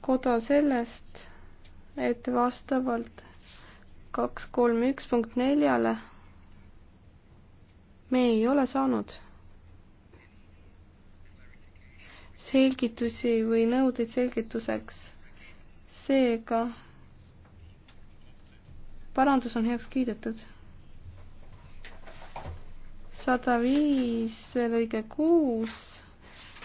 koda sellest, et vastavalt kaks kolm üks punkt neljale me ei ole saanud selgitusi või nõudeid selgituseks. seega parandus on heaks kiidetud. sada viis lõige kuus